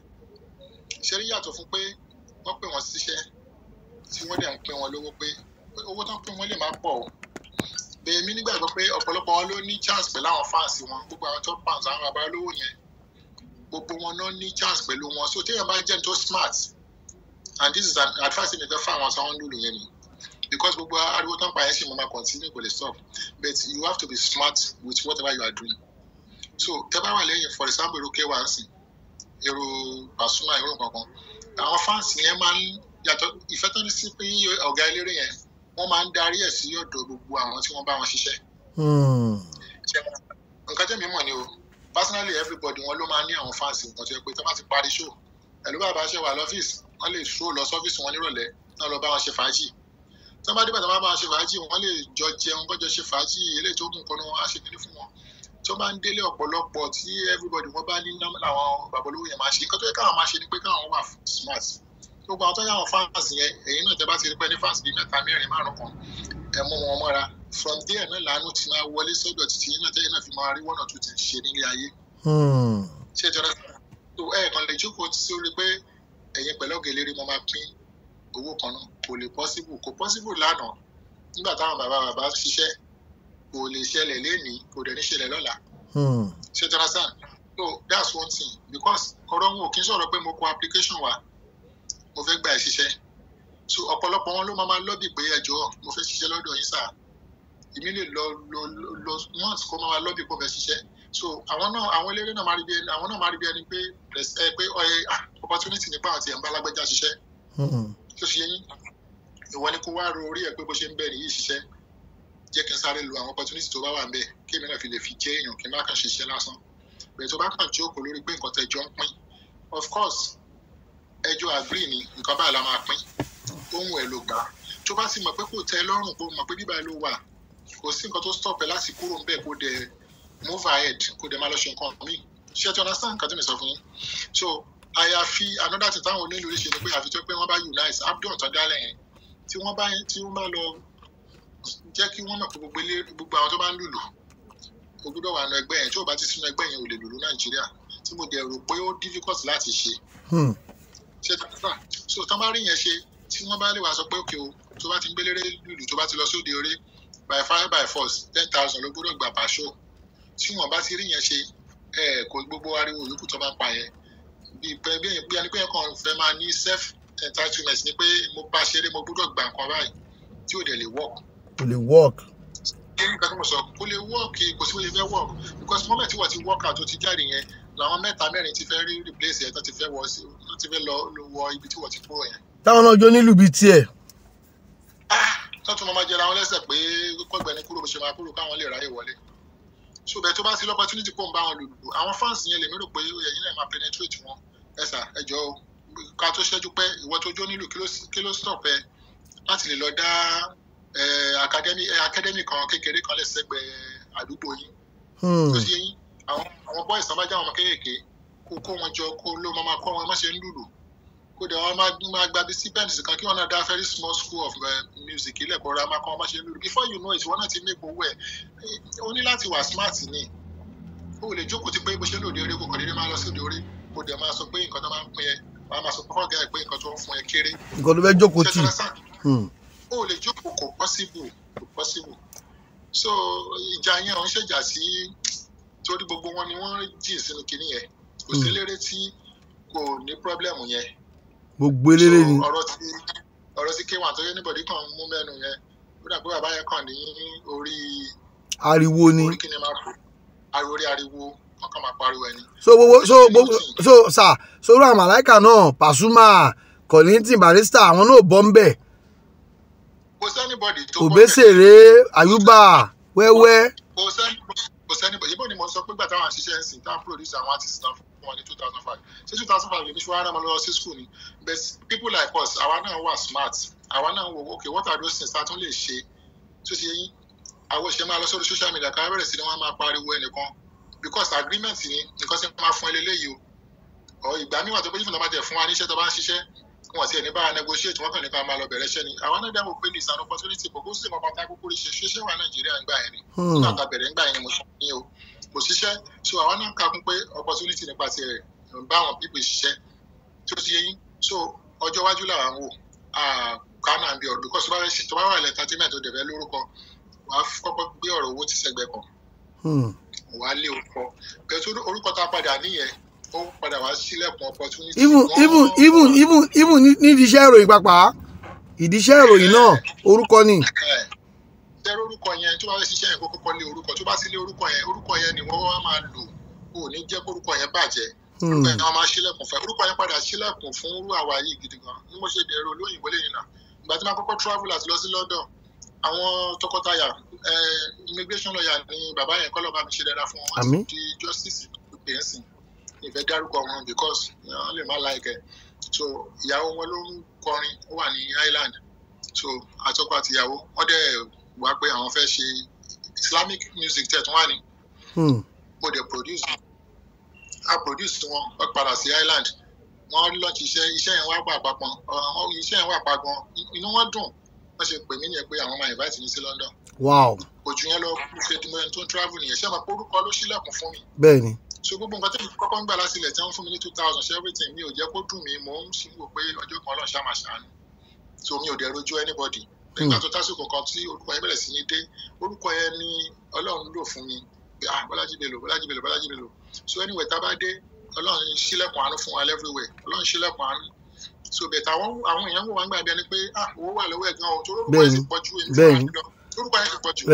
ṣeré yàtọ̀ fún pé wọ́n pè wọ́n ṣiṣẹ́ tí wọ́n dẹ̀ ń pín wọn lówó pé owó tán pín wọn lè má pọ̀ o èmi nígbàgbọ́ pé ọ̀pọ̀lọpọ̀ wọn ló ní chance pẹ̀lú àwọn fans wọn gbogbo àwọn top fans àwọn bàbá yẹn gbogbo wọn náà ní chance pẹ̀lú wọn so téèyàn bá jẹ́ tó smart and this is an advice mi fẹ́ fún àwọn sáwọn lùlù yẹn nìyẹn because gbogbo ariwo tán pa ẹ̀ sì mo máa continue kò lè stop but you have to be smart with whatever you are doing so tẹ́ bá wà lẹ́yìn for example èrò kéwàá sí èrò Pasuma èrò kankan àwọn fans yẹn máa ń yàtọ̀ ìfẹ́ tó ní sí pé ọ̀gá eléré yẹn wọ́n máa ń darí ẹ̀ sí ọ̀dọ̀ gbogbo àwọn tí wọ́n bá wọn ṣiṣẹ́. Hmm. nǹkan tẹ́mi mọ̀ ni o personally everybody wọn ló máa ń ní àwọn fans nǹkan tó yẹ pé tó bá ti parí show ẹ̀lú bàbá ṣe wà lọ́fíìsì wọ́n lè show lọ sọ́fíìsì wọn nírọ̀lẹ́ náà lọ bá wọn ṣe fàájì tí wọ́n bá máa ṣe fàájì wọ́n lè jọ jẹun kọ́jọ ṣe fàájì eléyìí tó gùn kan wọn á ṣe kíní fún wọn tí wọ́n ń délé ọ̀pọ̀lọpọ̀ tí everybody wọ́n bá ní làwọn bàbá olówó yẹn máa ṣe nǹkan tó yẹ káwọn máa ṣe ni pé káwọn wà smart gbogbo àwọn tó yà wọn fans yẹn èyí náà tẹ́ ti rí pé ní fans bíi mẹ́ta mẹ́rin márùn kan ẹ mú wọn mọ́ra from there náà làánú ti máa wọlé sọ́dọ̀ títí náà tẹ́yìn náà fi máa rí wọ́nà tó ti ṣe nílé ayé. Hmm. ṣé ìjọba ẹ̀ lè jókòó sórí pé ẹ̀yin pẹ̀lú ọ̀gẹ̀lẹ̀ mo máa pín owó kan náà kò lè pọ́síbù kò pọ́síbù lánàá nígbà táwọn bàbá bàbá ṣiṣẹ́ kò lè ṣẹlẹ̀ lénìí kò dẹ̀ ní ṣẹlẹ̀ lọ́la. Hmm. ṣé tarasan so that's one thing because ọ̀rọ̀ wọn ò kí ń sọ̀rọ̀ pé mo kọ application wa mo fẹ́ gba ìṣiṣẹ́ so ọ̀pọ̀lọpọ̀ wọn ló máa máa lọ́bì pé ẹjọ́ mo fẹ́ ṣiṣẹ́ lọ́dọ̀ yín sáà èmi lè lọ lọ lọ months kó máa lọ́bì kó fẹ́ ṣiṣẹ́ so àwọn náà àwọn eléré náà máa rí bí ẹni àwọn náà máa rí bí ẹni pé eh, pé ah, opportunity nípa àti ẹ̀ ń bá alágbèjà ṣiṣẹ́. Hmm tó ṣe yín ìwọ ni kó wá ro orí ẹ pé bó ṣe ń bẹ̀rẹ̀ yìí ṣiṣẹ́ jẹ́ kí n sáré lo àwọn opportunity tó bá wà ń bẹ̀ kí èmi náà fi lè fi jẹ́ èèyàn kí n má kàn ṣiṣẹ́ lásán bẹ̀rẹ̀ tó bá kàn jókòó lórí pé nǹkan tẹjọ́ ń pín of course ẹjọ́ agree ni nǹkan báyìí la máa pín ohun ẹ̀ ló gbà tó bá sì mọ̀ pé kò tẹ́ lọ́rùn kó mọ̀ pé bíbá ló wà kò sí nǹkan tó stop ẹ láti kúrò ń bẹ̀ kó dẹ̀ move ahead kó dẹ̀ má lọ ṣe nǹkan míì ṣé ẹ ti understand nǹkan tí sọ fún yín so àyàfi another thing táwọn onílù ṣe ni pé àfi tó pé wọ́n bá unite abdul ọ̀tọ̀dálẹ̀ yẹn tí wọ́n bá tí wọ́n bá lọ jẹ́ kí wọ́n mọ̀ pé gbogbo ilé gbogbo àwọn tó bá ń lùlù kò gbúdọ̀ wà nù ẹgbẹ́ yẹn tí ò bá ti sínú ẹgbẹ́ yẹn ò lè lùlù nàìjíríà tí mo dẹ̀ rò pé ó difficult láti ṣe. Hmm. ṣe tàbí so tán bá rí yẹn ṣe tí wọ́n bá lè wá sọ pé òkè o tó bá ti ń gbélére lùlù tó bá ti lọ sóde eré by fire by force ten thousand ló gbúdọ̀ gbà pàṣọ tí wọ́n bá ti rí yẹn ṣe ẹ kò gbogbo ariwo yòókù tó bá pa yẹn bí ẹni pé ẹ̀kan fẹ́ máa ní self entitlement ni pé mo bá ṣeré mo gbọ́dọ̀ gbà nǹkan báyìí tí ò dẹ̀ lè work. kò lè work. kí ni kankan mo sọ kò lè work kò sí wọlé fẹ́ work because moment wọ́n ti work out ó ti jáde yẹn làwọn mẹ́ta mẹ́rin ti fẹ́ rí replace ẹ̀ tó ti fẹ́ wọ tó ti fẹ́ lọ wọ ibi tí wọ́n ti kúrò yẹn. táwọn náà jó nílùú bíi tiẹ̀. Ah! tó tún máa jẹra wọn lẹ́sẹ̀ pé kọ́gbẹ́ni kúrò bó ṣe máa kúrò káwọn lè ráyè wọlé so bẹ́ẹ̀ tó bá sí lọ opportunity kó ń bá wọn lò lò àwọn fans yẹn lèmi rò pé ẹ̀yin náà máa penetrate wọn ẹ sà ẹ jọ ká tó ṣẹ́jú pé ìwọ tó jó nílò kí ló stop ẹ láti lè lọ dá academy kan kékeré kan lẹ́sẹ̀gbẹ́ àdúgbò yín tó hmm. ṣe yín àwọn boys tán bá já wọn kéékèèké kó kó wọn jọ kó ló máa kọ́ wọn má ṣe ń lùlù kó dẹ̀ wọ́n máa gba bí stipends kan kí wọ́n náà dá very small school of uh, music ilẹ̀ kọ́ra máa kọ́ ọmọ ṣe lórí before you know it wọ́n náà ti make ipò wẹ̀ eh, o ní láti wà smart ni o lè jókòó ti pé bó ṣe lòdì orí kò kàn déédéé máa lọ sí òde orí kò dẹ̀ máa sọ pé nǹkan tó máa ń pín ẹ máa máa sọ pé ọ̀gá ẹ̀ pé nǹkan tó ń fún ẹ kéré. nǹkan ló fẹ́ jókòó tì hmm. o lè jókòó kò possible kò possible so ìjà yẹn ò ń ṣèjà sí torí gbogbo wọn ni wọ́n jìn sínú kinní yẹn kò sí eléré hmm. tí kò ní problem yẹn gbogbo eléré ni. ọ̀rọ̀ tí ọ̀rọ̀ tí kéwà tó yẹ níbọ̀dí kan mú mẹ́nu yẹn ó dàgbé bàbá yẹn kàn ní orí. ariwo ni orí kí máa fò ariwo orí ariwo wọn kàn máa pariwo ẹni. so gbogbo so gbogbo so sà sórú àwọn màláìka náà Pasuma Kollington Barrister àwọn náà bọ́ ń bẹ̀. kò sẹ́nibọ̀dì tó bọ́ bẹ̀ Obesere Ayuba wẹ́wẹ́. kò sẹ́nibọ̀dì ìbọn ni mo sọ pé gbà táwọn àṣìṣe ń sìn táwọn wọn ní two thousand five ṣé two thousand five lèmi school ni but people like us àwa náà wà smart àwa náà wò okay what are those things tá a tún lè ṣe tó ṣe yín àwọn òṣèré máa lọ sórí social media ká bẹ̀rẹ̀ sí ni wọ́n máa pariwo ẹnìkan because agreement ni nǹkan tí wọ́n máa fún eléyìí o ọ̀ ìgbà míì wà tó pé yìí fún ọmọdé fún wa níṣẹ́ tó bá ń ti ẹni bá negotiate wọn kàn ní ká máa lọ bẹ̀rẹ̀ iṣẹ́ ni àwọn náà dáhùn pé ní ìsàn opportunity kò kó sì mọ́ pátá kúkúrú ṣe ṣeṣẹ́ wà Nàìjíríà ń gbà yẹn ni hmm. nígbà tá bẹ̀rẹ̀ ń gbà yẹn ni mo sọ ní o kò ṣiṣẹ́ so àwa náà kà kún pé opportunity nípasẹ̀ rẹ̀ ń bá àwọn pípé ṣiṣẹ́ tí ó ti yẹ yín so ọjọ́ iwájú là ń wò kánà bí ọ̀rọ̀ because tó bá fẹ́ ṣe tó bá wà lẹ́ta tí mẹ́tò dẹ̀bẹ́ lórúkọ wàá kọ́kọ́ gbé ọ̀rọ̀ owó ti sẹ́gbẹ́ kan hmm. wàá lé orúkọ pẹ̀tù orúkọ tá a padà níyẹn ó padà wá sílẹ̀kùn opportunity. even even even even even fẹ́ rórúkọ yẹn tó bá fẹ́ ṣiṣẹ́ yẹn kó kọ́kọ́ lé orúkọ tó bá sì lé orúkọ yẹn orúkọ yẹn ni wọ́n wá máa lò kò ní jẹ́ kórúkọ yẹn bàjẹ́ hmm. orúkọ yẹn wọ́n máa ṣílẹ̀kùn fún ẹ orúkọ yẹn padà ṣílẹ̀kùn fún irú àwa yìí gidi gan ni mo ṣe dèrò olóyìnbó lè nínà ìgbà tí máa kọ́kọ́ travelers lọ sí London àwọn tọkọtaya immigration lawyer ni bàbá yẹn kọ́ lọ́ọ́ bá mi ṣe dáadáa fún wọn wọ́n ti di justice pé ń sìn ìfẹ́ dárúkọ wọn because wọ́n lè má so ìyàwó wọn ló ń kọrin ó so àtọ́kọ àtìyàwó wọ́n dẹ̀ wá pé àwọn fẹ́ ṣe islamic music tẹ̀ tún ní. Hmm. mo dẹ̀ produce a produce wọn padà sí island wọ́n lọ́ọ̀tì iṣẹ́ iṣẹ́ yẹn wá pàpà pọn iṣẹ́ yẹn wà pàgbọ́n inú wọn dùn wọ́n ṣe pè mí nìyẹn pé àwọn máa invite mi sí London. wow yẹn lọ ṣe tí mo yẹn tó ń travel nìyẹn ṣé àmọ́ orúkọ ló ṣílẹ̀kùn fún mi. bẹ́ẹ̀ni. so gbogbo nǹkan tí mo kọ́kọ́ ń gbà lásìlẹ̀ tí wọ́n fún mi ní two thousand ṣe mi ò jẹ́ kó dùn mí mò ń sì wò pé ọjọ́ kan ọlọ́run máa ṣàánú so mi ò dẹ̀ rojú anybody nígbà tó tásìkò kan tí orúkọ yẹn bẹ̀rẹ̀ sí ní dé orúkọ yẹn ni ọlọ́run lò fún mi ah bọ́lájí belò bọ́lájí belò bọ́lájí belò so anyway tá a bá dé ọlọ́run ṣílẹ̀kùn àánú fún wa everywhere ọlọ́run ṣílẹ̀kùn àánú so bẹ̀tẹ̀ àwọn àwọn èèyàn wò wá ń gbà bí ẹni pé ah owó wà lọ́wọ́ ẹ̀ gan o tó orúkọ yẹn ti pọ̀ ju èmi fún wa lọ orúkọ yẹn ti pọ̀ jù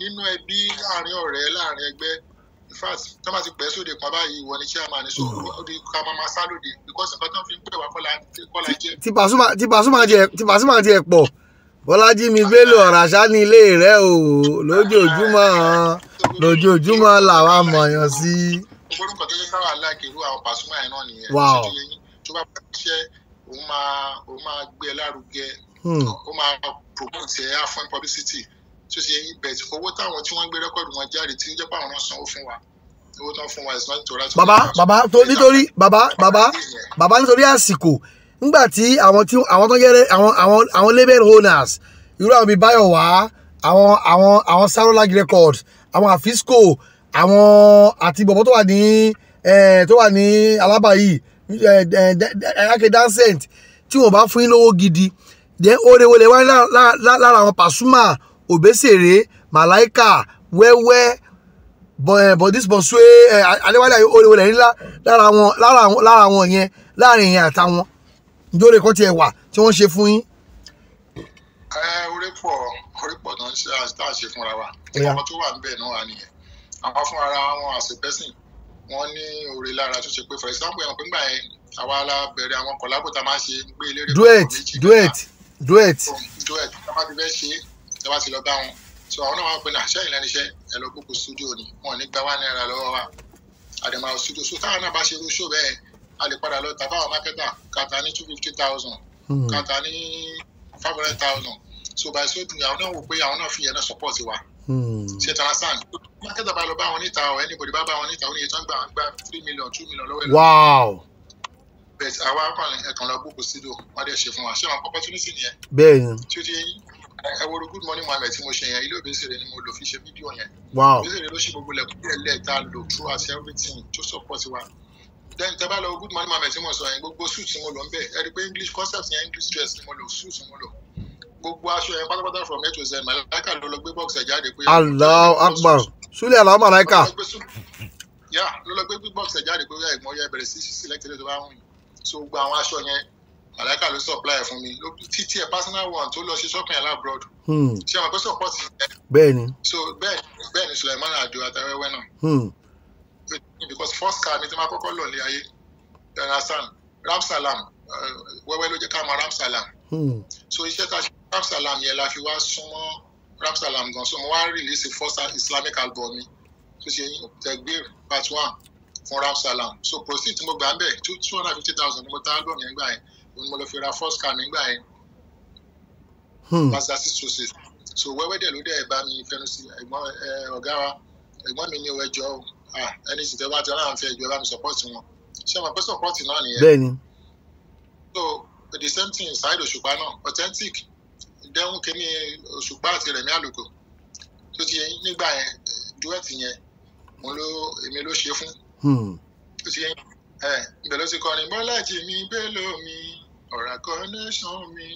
nínú ẹbí láàrin ọ̀rẹ́ láàrin pẹ́ sóde kan báyìí ìwọ ni chairman so hmm. ó di ká máa máa sá lóde because nǹkan tó ń fi ń pè wá kọ́la jẹ́. tí Pasuma jẹ pọ̀ bọ́lájí mi Bello Ọ̀ràṣá ní ilé rẹ̀ o lójoojúmọ́ lójoojúmọ́ làwa mọ̀yàn sí. orúkọ tó yẹ káwá láìkè irú àwọn pàṣúmọ̀ ẹ̀ náà nìyẹn tó bá bá ṣe òun máa gbé ẹ lárugẹ hmm. ó máa promote ẹ á publicity tó ṣe bet owó táwọn tí wọ́n gbé rẹ́kọ̀dù wọn jáde tí ń jẹ́ pé náà sanwó fún wa owó tán fún wa is ńgbà tí àwọn tí àwọn tó gẹ́rẹ́ àwọn àwọn àwọn label owners irú àwọn bíi Báyọ̀wá àwọn àwọn àwọn Sarolac records àwọn Afisco àwọn àti bọ̀bọ̀ tó wà ní tó wà ní Alábà yìí Ayake Dancent tí wọn bá fún yín lówó gidi then orewo lè wá lára àwọn Pasuma Obesere Malaika Wẹ́wẹ́ bọ̀dís bọ̀sùwé Adéwálé orewo lẹ́yìn lára àwọn lára àwọn yẹn láàrin yẹn àtàwọn ìjọ́rè kan tiẹ̀ wà tí wọ́n ṣe fún yín. ẹ orí pọ̀ orí pọ̀ tó ń ṣe tá a ṣe fúnra wa ọmọ tó wà níbẹ̀ náà wà nìyẹn àwọn fúnra wọn àṣepẹ́sìn wọn ní orí lára tó ṣe pé for example ẹ̀wọ̀n pé ńgbà yẹn àwa la bẹ̀rẹ̀ àwọn kọ̀lábò tá a máa ṣe gbé eléré duet duet duet duet tá a bá ti fẹ́ ṣe tá a bá ti lọ bá wọn so àwọn náà wá pé náà ṣẹ́yìn lẹ́nu iṣẹ́ ẹ lọ gbókò studio ni wọn ò ní gbá wá náírà lọ́wọ́ wa àdèmà studio so táwọn náà bá ṣe irú show bẹ́ẹ̀ a lè padà lọ tà fáwọn mákẹ́tà kàtà ní two fifty thousand hmm. kàtà ní five hundred thousand so by so doing àwọn náà wò pé àwọn náà fi yẹn support wa hmm. ṣe tarasan mákẹ́tà bá lọ bá wọn níta ọ anybody bá bá wọn níta ó ní ètò àgbà gba three million two million lọ́wọ́ ẹ̀ lọ́wọ́ bẹ́ẹ̀ àwa kan ẹ̀kan lọ gbókò sídò wọ́n dẹ̀ ṣe fún wa ṣé wọn opportunity nìyẹn. bẹ́ẹ̀ni. tí o ti ẹ wo good morning mohammed tí mo ṣe yẹn ilé òbíṣẹ́rẹ́ ni mo lò fi ṣe fídíò yẹn. wow òbíṣẹ́rẹ́ ló ṣe gbogbo lẹ́kùn lẹ́ẹ̀ta lò through as everything tó support wa then tẹ bá lọ good morning mama tí mo sọ yẹn gbogbo suit mo lò ń ẹ rí i pé english concept yẹn english dress mo lò suit mo lò gbogbo aṣọ yẹn pátápátá from a to z màláìka ló lọ gbé box ẹ jáde pé. Allahu Akbar sulé aláwọ màláìka. yà ló lọ gbé box ẹ jáde pé ẹ̀gbọ́n yẹn bẹ̀rẹ̀ sí select ilé tó bá wùn so gbogbo àwọn aṣọ yẹn màláìka ló supply fún mi títí ẹ personal one tó lọ ṣe shopping ẹ̀ abroad. Hmm. ṣé àwọn pẹ̀sọ̀ pọ̀ sí i. bẹ́ẹ̀ni. so bẹ́ẹ̀ni bẹ́ẹ̀ni Sulaiman Àjò àtàwẹ́wẹ́ náà. Hmm because first car mi tí máa kọ́kọ́ lọ lé ayé understand ramsalam uh, wẹ́wẹ́ ló jẹ́ ká mọ ramsalam hmm. so iṣẹ́ ta ṣe ramsalam yẹn la fi wá súnmọ́ ramsalam gan so mo wá release first islamic album mi tó ṣe tẹgbẹ́ part one fún ramsalam so proceed tí mo gbà ń bẹ̀ two two hundred fifty thousand ni mo ta album yẹn gbà yẹn òun mo lọ fi ra first car mi gbà yẹn pastor six two six so wẹ́wẹ́ dẹ̀ ló dẹ̀ bá mi fẹnu sí ẹ̀gbọ́n eh, ọ̀gá wa ẹ̀gbọ́n mi ní ìwẹ́jọ́ o Ah, ẹni sì tẹ́ bá ọlọ́run fẹ́ ìjọba mi support wọn ṣé mo pé support náà nìyẹn. bẹ́ẹ̀ni. so the same thing Saheed Òṣùpá náà authentic dẹ́hùn kínní Òṣùpá àti Rẹ̀mí Àlùkò tó ti yẹn nígbà yẹn duet yẹn mo ló èmi ló ṣe fún. Hmm. tó ti yẹn ẹ ibẹ̀ ló ti kọ́ ni bọ́lájì mi bélò mi ọ̀rà connection mi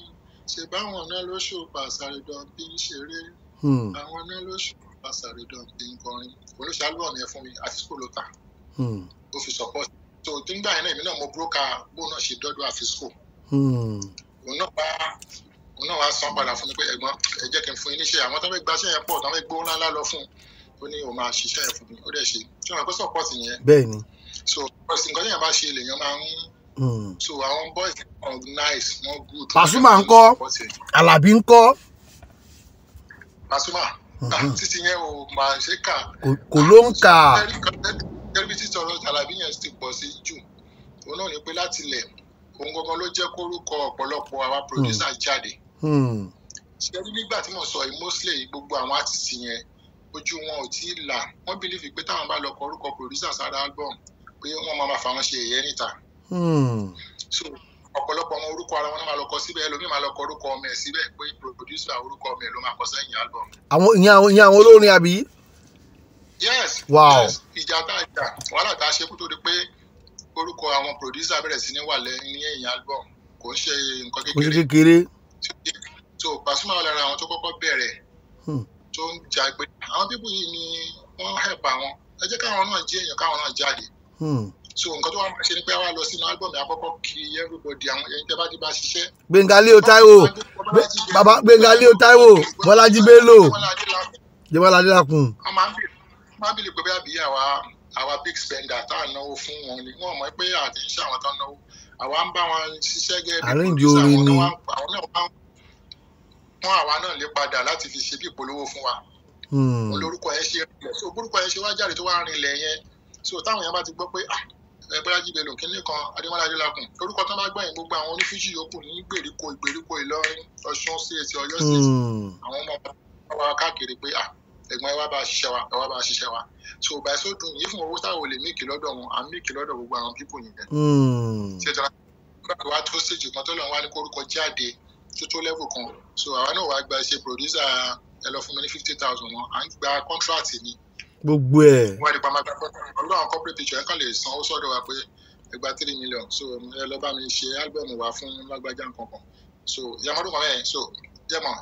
ṣe báwọn náà ló ṣòpà sáré dán bí ń ṣeré àwọn hmm. náà ló ṣòpà. Basari Dom ti ń kọrin olóṣèlú album yẹn fún mi àti school ló ta hmm. ó fi support so nígbà yẹn náà èmi náà mo broker bó náà ṣe dọ́dọ̀ àfi school hmm. òun náà bá òun náà wá san padà fún mi pé ẹ̀gbọ́n ẹ jẹ́ kí n fún yín níṣẹ́ àwọn tó fẹ́ gbaṣẹ́ yẹn pọ̀ tó fẹ́ gbó ńláńlá lọ fún un ó ní òun máa ṣiṣẹ́ yẹn fún mi ó dẹ̀ ṣe tí wọ́n pẹ́ support yẹn bẹ́ẹ̀ ni so ọ̀sìn nǹkan téèyàn bá ṣe lèèyàn máa ń hmm. so àwọn boys are nice wọ́n good. Pasuma ńkọ́ Alabi ńkọ́. Pasuma Uh-huh. títí yẹn ò máa ṣe kà. kò ló ń kà. gẹ́gẹ́ bí títọrọ yẹn ti pọ̀ sí jù òun náà ni pé láti ilẹ̀ òun gangan ló jẹ́ kórúkọ ọ̀pọ̀lọpọ̀ àwa producer hmm. jáde. Hmm. ṣé nígbà tí mo sọ yìí mostly gbogbo àwọn artist yẹn ojú wọn ò tí ì là wọ́n bìlífì pé táwọn bá lọ kọ orúkọ producer sára album pé wọ́n máa fa wọn ṣe èyẹ níta. Hmm. so ọ̀pọ̀lọpọ̀ àwọn orúkọ ara wọn ni máa lọ kọ síbẹ̀ ẹlòmíì máa lọ kọ orúkọ ọmọ ẹ̀ síbẹ̀ pé producer orúkọ ọmọ ẹ̀ ló máa kọ sẹ́yìn album. àwọn ìyẹn àwọn ìyẹn àwọn olórin àbí. yes wow ìjà tá a jà wàhálà tá a ṣe kú tó di pé orúkọ àwọn producer bẹ̀rẹ̀ sí ní wà lẹ́yìn ẹ̀yìn album kò ń ṣe nǹkan kékeré. so Pasuma wà lára àwọn tó kọ́kọ́ bẹ̀rẹ̀ hmm. tó ń jà pé àwọn bíbù yìí ni wọ́n hẹ̀pà wọn ẹ jẹ́ káwọn náà jẹ́ so nǹkan tó wà máa ṣe ni pé a wá lọ sínú album àkọ́kọ́ kí everybody àwọn ẹni tẹ́ bá ti bá ṣiṣẹ́. Gbénga Leo Táíwò baba Gbénga Leo Táíwò Bọ́lájí Bello Jẹ́bọ́lá Adélakùn. a máa ń bìlì pé bí àbíyá wa àwa big spender tá à ń náwó fún wọn ni wọn mọ pé àti iṣẹ́ àwọn tó náwó àwa ń bá wọn ṣiṣẹ́ gẹ́gẹ́ bí pòlísà àwọn náà wọn fún àwa náà lè padà láti fi ṣe bí ìpolówó fún wa. Hmm. olórúkọ yẹn ṣe rinlẹ̀ so orúkọ yẹn ṣe wá jáde tó wá rinlẹ̀ yẹn so táwọn yẹn bá ti gbọ́ pé ah bọ́lájí bello kínní kan adémọ́lá adélakùn lórúkọ tó máa gbẹ̀yìn gbogbo àwọn onífíjì yòókù ní gbèríko ìgbèríko ìlọrin ọ̀ṣun ṣèṣe ọ̀yọ́ ṣèṣe àwọn ọmọ wa káàkiri pé à ẹ̀gbọ́n ẹ wá bá ṣiṣẹ́ wa ẹ wá bá ṣiṣẹ́ wa so by so doing yìí fún owó táwọn olè mí kì lọ́dọ̀ wọn à ń mí kì lọ́dọ̀ gbogbo àwọn pípò yẹn. ṣètò àwọn wa tó ṣèjì kan tó lọ́n wá ní kórúkọ jáde tó tó lẹ́bù kan so àwa náà wàá gba ṣe producer ẹ lọ fún mi ní fifty thousand wọn à ń gba contract ni gbogbo ẹ̀. wọ́n ti pamọ́ pẹ̀lú àwọn corporate picture ẹ̀kan lè sanwó sọ́dọ̀ wa pé ẹgbàá three million so ẹ lọ bá mi ṣe álbọ̀mù wa fún lágbájá nǹkankan so yamadu kan bẹ́ẹ̀ so jẹ́mọ̀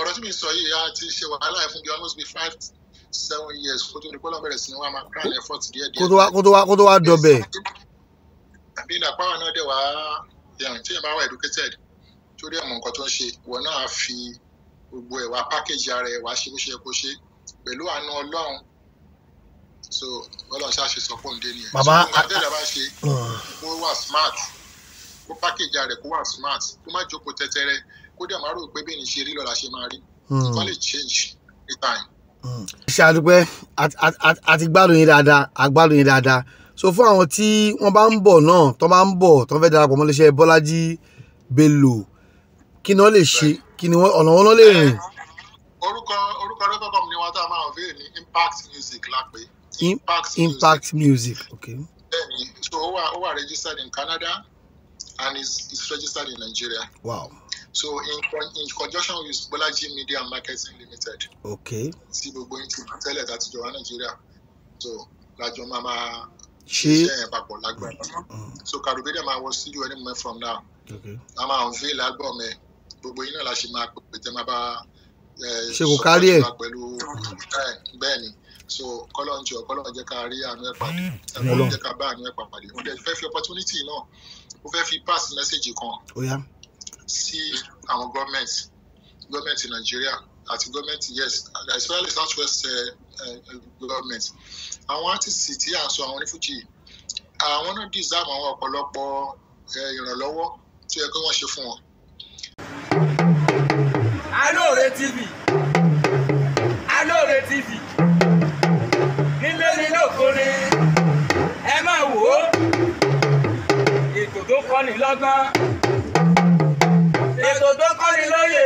ọ̀rọ̀ tí mi sọ yìí a ti ṣe wàhálà ẹ̀ fún bí almost be five seven years kó tó di kọ́lọ́ bẹ̀rẹ̀ sí ni wọ́n á máa crown effort díẹ̀ díẹ̀. kó tó wá kó tó wá dọbẹ̀. àbí ìdàpá wa náà dẹ̀ wá pẹ̀lú àánú ọlọ́run so ọlọ́run ṣáà ṣe sọ pé òun dé nìyẹn. bàbá so nǹkan tẹ́lẹ̀ bá ṣe hmm. kó wà smart kó pákéjì rẹ̀ kó wà smart kó má jókòó tẹ́tẹ́rẹ́ kó dẹ̀ má rò pé bẹ́ẹ̀ ni ṣe rí lọ́la ṣe máa rí hmm. nǹkan lè change ní time. Hmm. ṣe àdúpẹ́ àti gbádùn yín dáadáa àgbádùn yín dáadáa so fún àwọn tí wọ́n bá ń bọ̀ náà tó bá ń bọ̀ tó fẹ́ darapọ̀ mọ́ iléeṣẹ́ Bọ́lájí Bello kí ni wọ́n lè ṣe kí ni ọ̀nà wọn lè eh, rìn orúkọ orúkọ record company wa tá a máa veil ní impact music la impact music impact music okay. bẹ́ẹ̀ni so ó wà ó wà registered in Canada and is is registered in Nigeria. wow. so in in conjunction with Bolaji Media and Marketing Limited. okay. sí gbogbo ètò tẹ́lẹ̀ tàtijọ́ wa Nàìjíríà so lájọ máa máa ṣe iṣẹ́ yẹn papọ̀ lágbára. Mm-hmm. so Karubi dẹ̀ máa wọ studio any moment from now. okay. a máa unveil album ẹ̀ gbogbo yín náà la ṣe máa pè tẹ́ máa bá. Eh, ṣe kò kárí ẹ̀ hmm, bẹ́ẹ̀ ni so kọ́lọ́n jọ kọ́lọ́n jẹ́ ká rí àánú ẹ̀ pàdé kọ́lọ́n hmm. jẹ́ ká bá àánú ẹ̀ pàdé mo dẹ̀ fẹ́ fi opportunity náà mo fẹ́ fi pass message kan sí àwọn government government Nigeria àti government yes especially south west uh, government àwọn artiste tí à ń sọ àwọn onífújì àwọn náà deserve àwọn ọ̀pọ̀lọpọ̀ ìrànlọ́wọ́ tó yẹ kí wọ́n ṣe fún wọn. Alore TV Alore TV nílé ní lóko ni ẹ máa wò ó ètò tó kọ́ni lọ́gbọ́n ètò tó kọ́ni lóye.